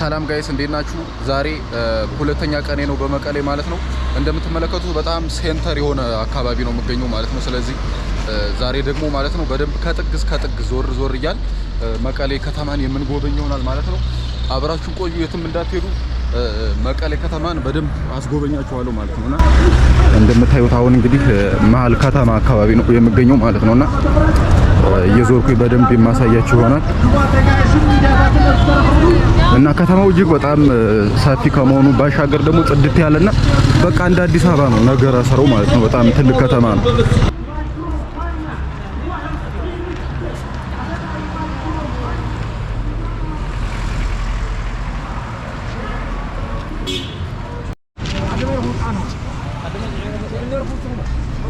ሰላም ጋይስ እንዴት ናችሁ? ዛሬ ሁለተኛ ቀኔ ነው በመቀሌ ማለት ነው። እንደምትመለከቱት በጣም ሴንተር የሆነ አካባቢ ነው የምገኘው ማለት ነው። ስለዚህ ዛሬ ደግሞ ማለት ነው በደንብ ከጥግ እስከ ጥግ ዞር ዞር እያል መቀሌ ከተማን የምንጎበኝ ይሆናል ማለት ነው። አብራችሁ ቆዩ፣ የትም እንዳትሄዱ። መቀሌ ከተማን በደንብ አስጎበኛችኋለሁ ማለት ነውና እንደምታዩት አሁን እንግዲህ መሀል ከተማ አካባቢ ነው የምገኘው ማለት ነውና እየዞርኩኝ በደንብ የማሳያችሁ ይሆናል እና ከተማው እጅግ በጣም ሰፊ ከመሆኑ ባሻገር ደግሞ ጽድት ያለና በቃ እንደ አዲስ አበባ ነው ነገር ስራው ማለት ነው። በጣም ትልቅ ከተማ ነው።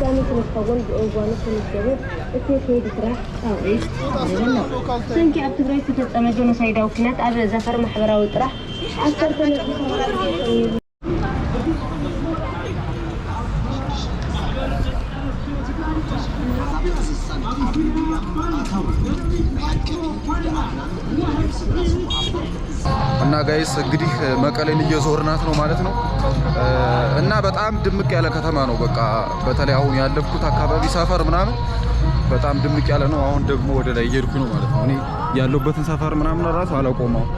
ሰንኪ ኣብ ትግራይ ዝተፈፀመ ጆኖሳይዳዊ ኩናት ኣብ ዘፈር ማሕበራዊ ጥራሕ ዓሰርተ ጋይስ እንግዲህ መቀሌን እየዞርናት ነው ማለት ነው። እና በጣም ድምቅ ያለ ከተማ ነው። በቃ በተለይ አሁን ያለፍኩት አካባቢ ሰፈር ምናምን በጣም ድምቅ ያለ ነው። አሁን ደግሞ ወደ ላይ እየሄድኩ ነው ማለት ነው። እኔ ያለሁበትን ሰፈር ምናምን ራሱ አላቆም አሁን።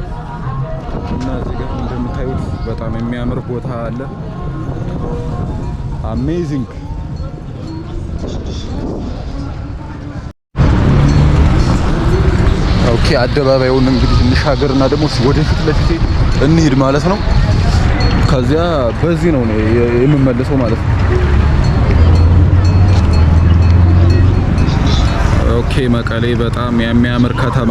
እና እዚህ ጋር እንደምታዩት በጣም የሚያምር ቦታ አለ። አሜዚንግ ኦኬ አደባባዩን እንግዲህ እንሻገርና ደግሞ ወደፊት ለፊት እንሂድ ማለት ነው። ከዚያ በዚህ ነው የምመለሰው ማለት ነው። ኦኬ መቀሌ በጣም የሚያምር ከተማ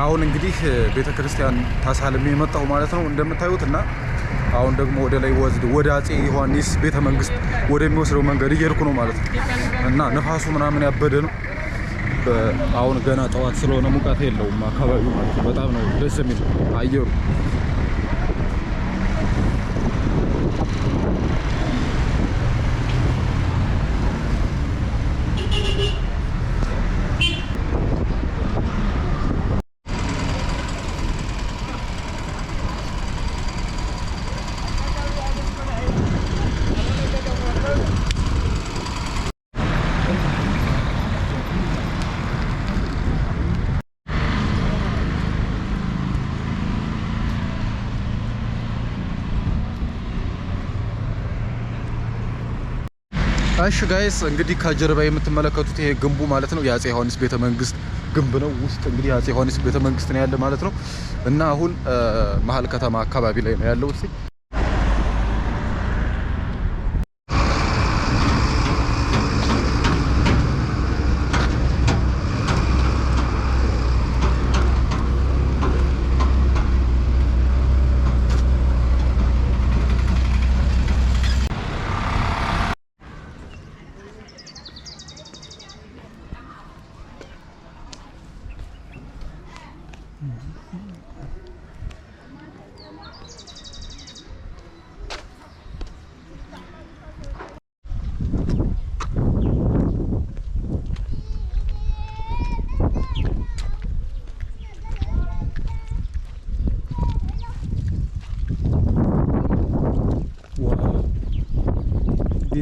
አሁን እንግዲህ ቤተ ክርስቲያን የመጣው የመጣሁ ማለት ነው እንደምታዩት እና አሁን ደግሞ ወደ ላይ ወዝድ ወደ አጼ ዮሐንስ ቤተ መንግስት ወደሚወስደው መንገድ እየሄድኩ ነው ማለት ነው እና ነፋሱ ምናምን ያበደ ነው። አሁን ገና ጠዋት ስለሆነ ሙቀት የለውም አካባቢ ማለት ነው። በጣም ነው ደስ የሚል አየሩ እሺ ጋይስ እንግዲህ ከጀርባ የምትመለከቱት ይሄ ግንቡ ማለት ነው የአፄ ዮሐንስ ቤተ መንግስት ግንብ ነው። ውስጥ እንግዲህ የአፄ ዮሐንስ ቤተ መንግስት ነው ያለ ማለት ነው እና አሁን መሀል ከተማ አካባቢ ላይ ነው ያለው።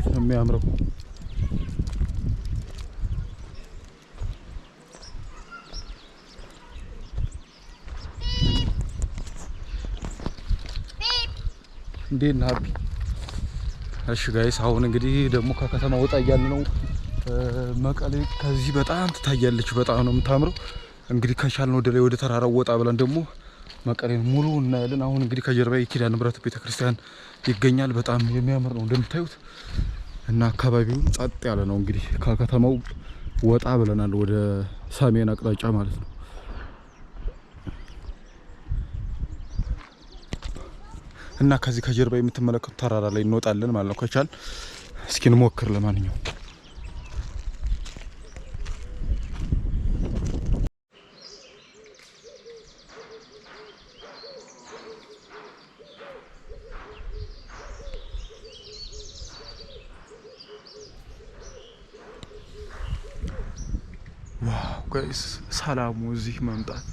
እንዴት ነው የሚያምረው! እንዴት እሺ ጋይስ፣ አሁን እንግዲህ ደግሞ ከከተማ ወጣ እያልን ነው። መቀሌ ከዚህ በጣም ትታያለች። በጣም ነው የምታምረው። እንግዲህ ከቻልን ወደ ላይ ወደ ተራራው ወጣ ብለን ደግሞ መቀሌን ሙሉ እናያለን። አሁን እንግዲህ ከጀርባ የኪዳነ ምሕረት ቤተክርስቲያን ይገኛል። በጣም የሚያምር ነው እንደምታዩት እና አካባቢው ጸጥ ያለ ነው። እንግዲህ ከከተማው ወጣ ብለናል፣ ወደ ሰሜን አቅጣጫ ማለት ነው። እና ከዚህ ከጀርባ የምትመለከቱ ተራራ ላይ እንወጣለን ማለት ነው። ከቻል እስኪ እንሞክር ለማንኛውም ጋይስ ሰላሙ እዚህ መምጣት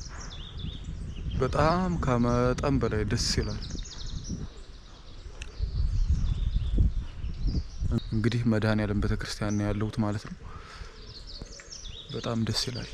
በጣም ከመጠን በላይ ደስ ይላል። እንግዲህ መድኃኔዓለም ቤተክርስቲያን ነው ያለሁት ማለት ነው። በጣም ደስ ይላል።